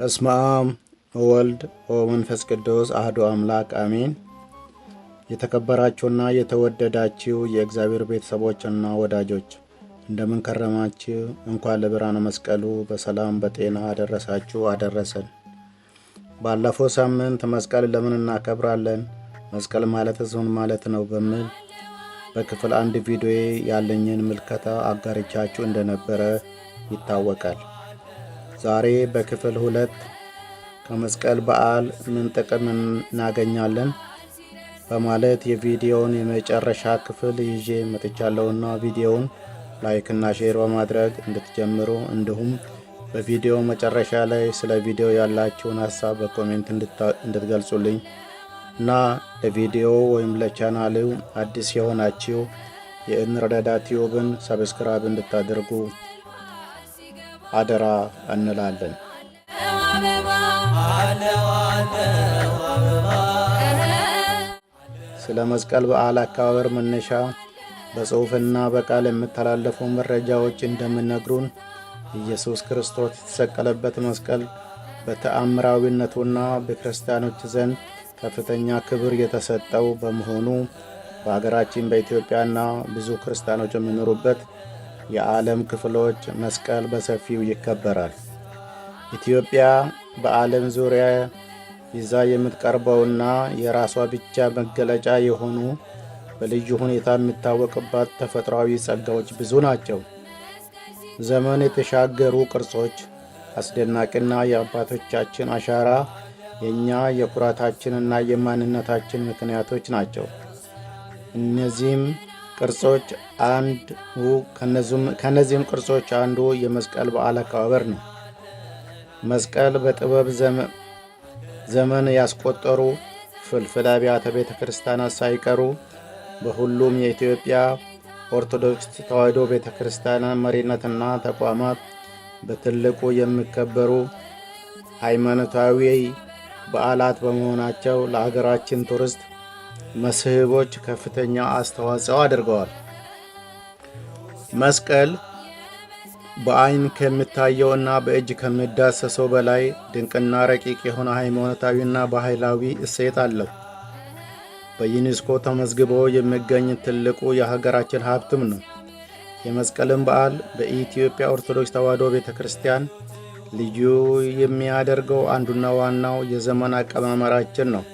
በስመ አብ ወወልድ ወመንፈስ ቅዱስ አህዶ አምላክ አሜን። የተከበራችሁና የተወደዳችሁ የእግዚአብሔር ቤተሰቦችና ወዳጆች እንደምን ከረማችሁ? እንኳን ለብርሃነ መስቀሉ በሰላም በጤና አደረሳችሁ አደረሰን። ባለፈው ሳምንት መስቀል ለምን እናከብራለን? መስቀል ማለት ምን ማለት ነው? በሚል በክፍል አንድ ቪዲዮ ያለኝን ምልከታ አጋርቻችሁ እንደነበረ ይታወቃል። ዛሬ በክፍል ሁለት ከመስቀል በዓል ምን ጥቅም እናገኛለን በማለት የቪዲዮውን የመጨረሻ ክፍል ይዤ መጥቻለሁና ቪዲዮውን ላይክና ሼር በማድረግ እንድትጀምሩ እንዲሁም በቪዲዮ መጨረሻ ላይ ስለ ቪዲዮ ያላችሁን ሀሳብ በኮሜንት እንድትገልጹልኝ እና ለቪዲዮ ወይም ለቻናሌው አዲስ የሆናችሁ የእንረዳዳ ቲዩብን ሰብስክራይብ እንድታደርጉ አደራ እንላለን። ስለ መስቀል በዓል አከባበር መነሻ በጽሑፍና በቃል የሚተላለፉ መረጃዎች እንደሚነግሩን ኢየሱስ ክርስቶስ የተሰቀለበት መስቀል በተአምራዊነቱና በክርስቲያኖች ዘንድ ከፍተኛ ክብር የተሰጠው በመሆኑ በአገራችን በኢትዮጵያና ብዙ ክርስቲያኖች የሚኖሩበት የዓለም ክፍሎች መስቀል በሰፊው ይከበራል። ኢትዮጵያ በዓለም ዙሪያ ይዛ የምትቀርበውና የራሷ ብቻ መገለጫ የሆኑ በልዩ ሁኔታ የሚታወቅባት ተፈጥሯዊ ጸጋዎች ብዙ ናቸው። ዘመን የተሻገሩ ቅርጾች፣ አስደናቂና የአባቶቻችን አሻራ የእኛ የኩራታችንና የማንነታችን ምክንያቶች ናቸው። እነዚህም ቅርጾች አንዱ ከነዚህም ቅርጾች አንዱ የመስቀል በዓል አከባበር ነው። መስቀል በጥበብ ዘመን ያስቆጠሩ ፍልፍል አብያተ ቤተ ክርስቲያናት ሳይቀሩ በሁሉም የኢትዮጵያ ኦርቶዶክስ ተዋሕዶ ቤተ ክርስቲያን መሪነትና ተቋማት በትልቁ የሚከበሩ ሃይማኖታዊ በዓላት በመሆናቸው ለሀገራችን ቱሪስት መስህቦች ከፍተኛ አስተዋጽኦ አድርገዋል። መስቀል በአይን እና በእጅ ከሚዳሰሰው በላይ ድንቅና ረቂቅ የሆነ ሃይማኖታዊና ባህላዊ እሴት አለው። በዩኔስኮ ተመዝግቦ የሚገኝ ትልቁ የሀገራችን ሀብትም ነው። የመስቀልን በዓል በኢትዮጵያ ኦርቶዶክስ ተዋሕዶ ቤተ ክርስቲያን ልዩ የሚያደርገው አንዱና ዋናው የዘመን አቀማመራችን ነው።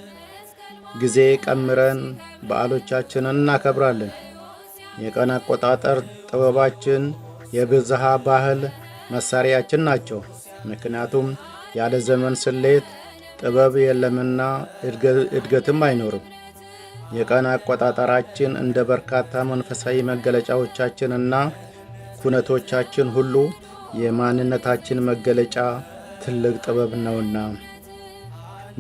ጊዜ ቀምረን በዓሎቻችንን እናከብራለን። የቀን አቆጣጠር ጥበባችን የብዝሃ ባህል መሣሪያችን ናቸው። ምክንያቱም ያለ ዘመን ስሌት ጥበብ የለምና እድገትም አይኖርም። የቀን አቆጣጠራችን እንደ በርካታ መንፈሳዊ መገለጫዎቻችንና ኩነቶቻችን ሁሉ የማንነታችን መገለጫ ትልቅ ጥበብ ነውና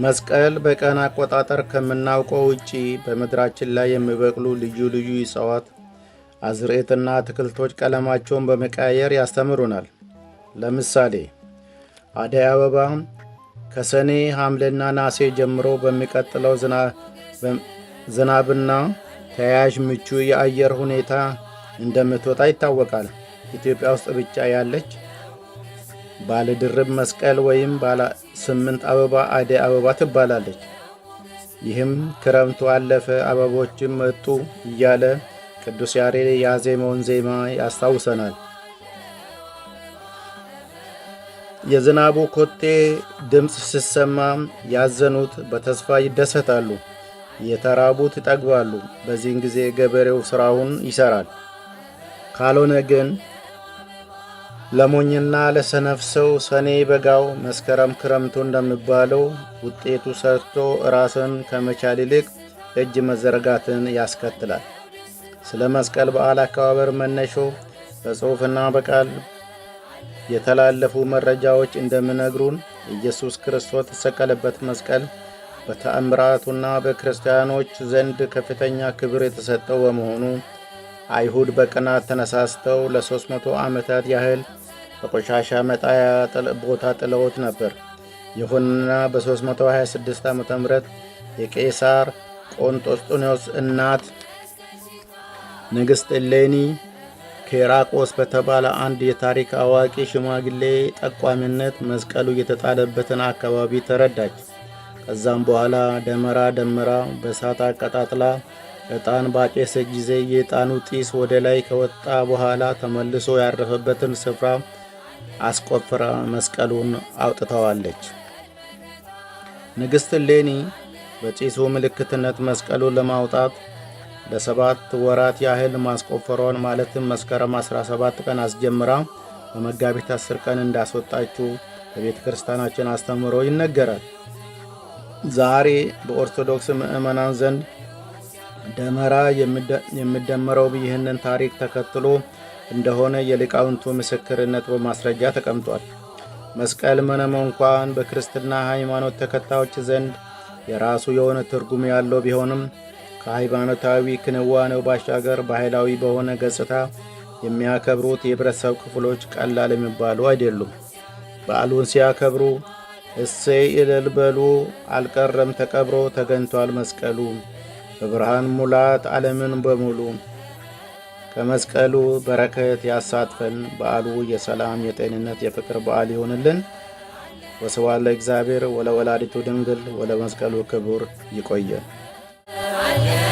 መስቀል በቀን አቆጣጠር ከምናውቀው ውጪ በምድራችን ላይ የሚበቅሉ ልዩ ልዩ እጽዋት፣ አዝርዕትና አትክልቶች ቀለማቸውን በመቀያየር ያስተምሩናል። ለምሳሌ አደይ አበባ ከሰኔ ሐምሌና ናሴ ጀምሮ በሚቀጥለው ዝናብና ተያያዥ ምቹ የአየር ሁኔታ እንደምትወጣ ይታወቃል። ኢትዮጵያ ውስጥ ብቻ ያለች ባለድርብ መስቀል ወይም ባለ ስምንት አበባ አደይ አበባ ትባላለች። ይህም ክረምቱ አለፈ አበቦችም መጡ እያለ ቅዱስ ያሬድ ያዜመውን ዜማ ያስታውሰናል። የዝናቡ ኮቴ ድምፅ ሲሰማ ያዘኑት በተስፋ ይደሰታሉ፣ የተራቡት ይጠግባሉ። በዚህን ጊዜ ገበሬው ሥራውን ይሠራል። ካልሆነ ግን ለሞኝና ለሰነፍ ሰው ሰኔ በጋው መስከረም ክረምቱ እንደሚባለው ውጤቱ ሰርቶ ራስን ከመቻል ይልቅ እጅ መዘረጋትን ያስከትላል። ስለ መስቀል በዓል አከባበር መነሾ በጽሑፍና በቃል የተላለፉ መረጃዎች እንደሚነግሩን ኢየሱስ ክርስቶስ የተሰቀለበት መስቀል በተአምራቱና በክርስቲያኖች ዘንድ ከፍተኛ ክብር የተሰጠው በመሆኑ አይሁድ በቅናት ተነሳስተው ለ300 ዓመታት ያህል በቆሻሻ መጣያ ቦታ ጥለውት ነበር። ይሁንና በ326 ዓ ም የቄሳር ቆንጦስጦኒዎስ እናት ንግሥት እሌኒ ኬራቆስ በተባለ አንድ የታሪክ አዋቂ ሽማግሌ ጠቋሚነት መስቀሉ የተጣለበትን አካባቢ ተረዳች። ከዛም በኋላ ደመራ ደመራ በእሳት አቀጣጥላ ዕጣን ባጨሰ ጊዜ የዕጣኑ ጢስ ወደ ላይ ከወጣ በኋላ ተመልሶ ያረፈበትን ስፍራ አስቆፍራ መስቀሉን አውጥተዋለች። ንግሥት ሌኒ በጭሱ ምልክትነት መስቀሉን ለማውጣት ለሰባት ወራት ያህል ማስቆፈሯን ማለትም መስከረም 17 ቀን አስጀምራ በመጋቢት 10 ቀን እንዳስወጣችው በቤተ ክርስቲያናችን አስተምህሮ ይነገራል። ዛሬ በኦርቶዶክስ ምዕመናን ዘንድ ደመራ የሚደመረው ይህንን ታሪክ ተከትሎ እንደሆነ የሊቃውንቱ ምስክርነት በማስረጃ ተቀምጧል። መስቀል ምንም እንኳን በክርስትና ሃይማኖት ተከታዮች ዘንድ የራሱ የሆነ ትርጉም ያለው ቢሆንም ከሃይማኖታዊ ክንዋኔው ባሻገር ባህላዊ በሆነ ገጽታ የሚያከብሩት የህብረተሰብ ክፍሎች ቀላል የሚባሉ አይደሉም። በዓሉን ሲያከብሩ እሴይ እልል በሉ፣ አልቀረም ተቀብሮ ተገኝቷል መስቀሉ በብርሃን ሙላት ዓለምን በሙሉ ከመስቀሉ በረከት ያሳትፈን። በዓሉ የሰላም የጤንነት፣ የፍቅር በዓል ይሆንልን። ወስብሐት ለእግዚአብሔር ወለወላዲቱ ድንግል ወለመስቀሉ ክቡር። ይቆየን።